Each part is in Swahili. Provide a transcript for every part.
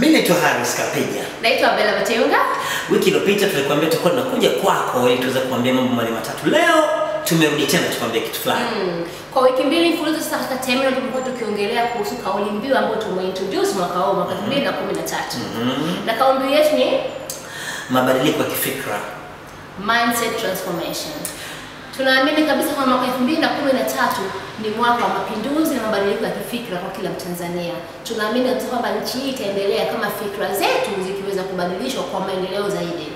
Mimi naitwa Harris Kapiga. Naitwa Bella Mateunga. Wiki iliyopita tulikuambia tulikuwa tunakuja kwako ili tuweze kuambia mambo mali matatu. Leo tumerudi tena tukwambia kitu fulani. Mm. Kwa wiki mbili mfululizo sasa katika terminal tumekuwa tukiongelea kuhusu kauli mbiu ambayo tumeintroduce mwaka huu mwaka 2013. Mm -hmm. mm -hmm. Na kauli mbiu yetu ni mabadiliko ya kifikra. Mindset transformation. Tunaamini kabisa kwa mwaka tatu ni mwaka wa mapinduzi na mabadiliko ya kifikra kwa kila Mtanzania. Tunaamini kabisa kwamba nchi hii itaendelea kama fikra zetu zikiweza kubadilishwa kwa maendeleo zaidi.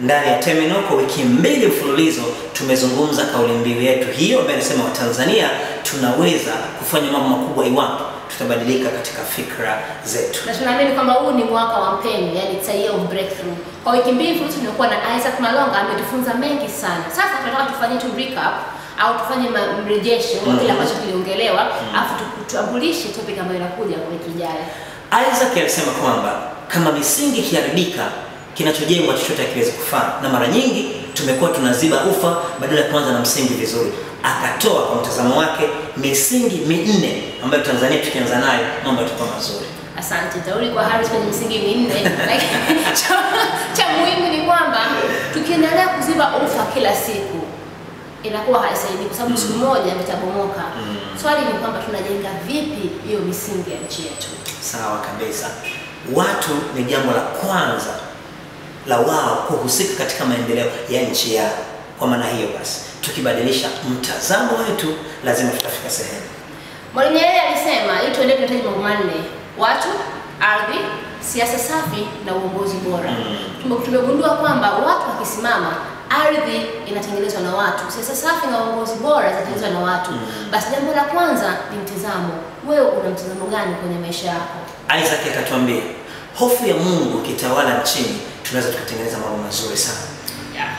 Ndani ya Teminoko kwa wiki mbili mfululizo tumezungumza kauli mbiu yetu hiyo ambayo inasema Watanzania tunaweza kufanya mambo makubwa iwapo tutabadilika katika fikra zetu, na tunaamini kwamba huu ni mwaka wa mpeni, yani it's a year of breakthrough. Kwa wiki mbili mfululizo tumekuwa na Isaac Malonga, ametufunza mengi sana. Sasa tunataka tufanye tu recap au tufanye mrejesho -hmm. kile mm. ambacho kiliongelewa, mm. alafu tutambulishe topic ambayo inakuja wiki ijayo. Isaac alisema kwamba kama misingi ikiharibika kinachojengwa chochote hakiwezi kufaa, na mara nyingi tumekuwa tunaziba ufa badala ya kuanza na msingi vizuri. Akatoa kwa mtazamo wake misingi minne ambayo Tanzania tukianza nayo mambo yatakuwa mazuri. Asante Tauli kwa Harris kwenye misingi minne. cha, cha muhimu ni kwamba tukiendelea kuziba ufa kila siku inakuwa haisaidii kwa sababu siku mm. moja mtabomoka. Mm. Swali ni kwamba tunajenga vipi hiyo misingi ya nchi yetu? Sawa kabisa. Watu ni jambo la kwanza la wao kuhusika katika maendeleo ya nchi yao. Kwa maana hiyo basi, tukibadilisha mtazamo wetu, lazima tutafika sehemu. Mwalimu Nyerere alisema ili tuendelee, tunahitaji mambo manne: watu, ardhi, siasa safi na uongozi bora. Mm. Tumegundua kwamba watu wakisimama ardhi inatengenezwa na watu, siasa safi na uongozi bora zinatengenezwa na watu. Mm. Basi jambo la kwanza ni mtizamo. Wewe una mtizamo gani kwenye maisha yako? Isaac akatuambia hofu ya Mungu ikitawala nchini, tunaweza tukatengeneza mambo mazuri sana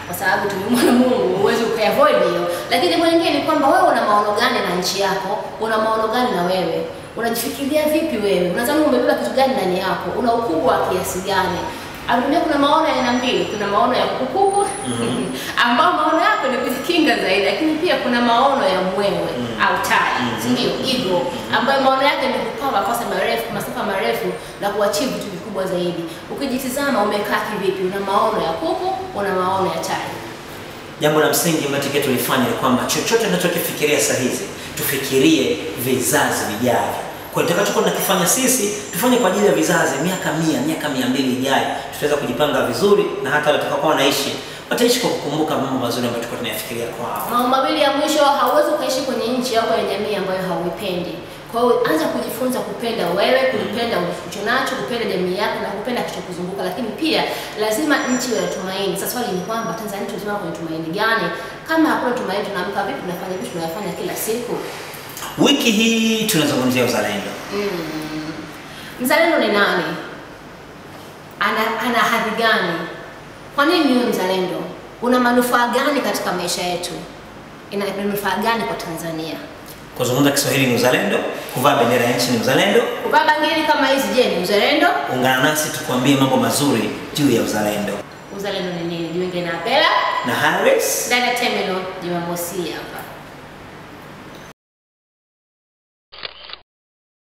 kwa sababu tumemwona Mungu, huwezi ukaavoid hiyo. Lakini mwingine ni kwamba wewe una maono gani na nchi yako? Una maono gani na wewe? Unajifikiria vipi wewe? Unadhani umebeba kitu gani ndani yako? Una ukubwa wa kiasi gani? Abiria kuna maono ya aina mbili, kuna maono ya kukuku mm-hmm. ambao maono yako ni kujikinga zaidi, lakini pia kuna maono ya mwewe mm-hmm. au tai, mm ndio mm-hmm. ego, ambayo maono yake ni kupawa kwa marefu, masafa marefu na kuachieve tu kubwa zaidi. Ukijitizama umekaa kivipi? Una maono ya kuku, una maono ya tai? Jambo la msingi ambalo takiwa tulifanya ni kwamba chochote tunachokifikiria saa hizi tufikirie vizazi vijavyo. Kwa hiyo tutakachokuwa tunakifanya sisi tufanye kwa ajili ya vizazi, miaka mia, miaka mia mbili ijayo, tutaweza kujipanga vizuri na hata watakaokuwa wanaishi wataishi kwa kukumbuka mambo mazuri ambayo tulikuwa tunayafikiria kwao. Mambo mawili ya mwisho, hauwezi kuishi kwenye nchi yako ya jamii ambayo hauipendi. Kwa hiyo anza kujifunza kupenda wewe, kupenda nacho, kupenda jamii yako na kupenda kilichokuzunguka, lakini pia lazima nchi iwe tumaini. Sasa swali ni kwamba Tanzania tunasimama kwenye tumaini gani? Kama hakuna tumaini, tunaamka vipi? Tunafanya vipi? Tunayafanya kila siku. Wiki hii tunazungumzia uzalendo. Mm. Mzalendo ni nani? Ana, ana hadhi gani? Kwa nini ni mzalendo? Una manufaa gani katika maisha yetu? Ina manufaa gani kwa Tanzania? Kuzungumza Kiswahili ni uzalendo, kuvaa bendera ya nchi ni uzalendo. Kuvaa bangili kama hizi je, ni uzalendo? Ungana nasi tukuambie mambo mazuri juu ya uzalendo. Uzalendo ni nini? Jiunge na Bella na Harris ndani ya Terminal Jumamosi hapa.